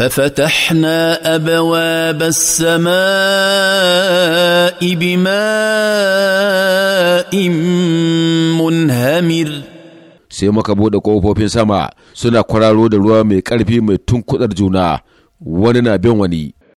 ففتحنا ابواب السماء بماء منهمر sai muka bude ƙofofin sama suna kwararo da ruwa mai ƙarfi mai tunkudar juna wani na bin wani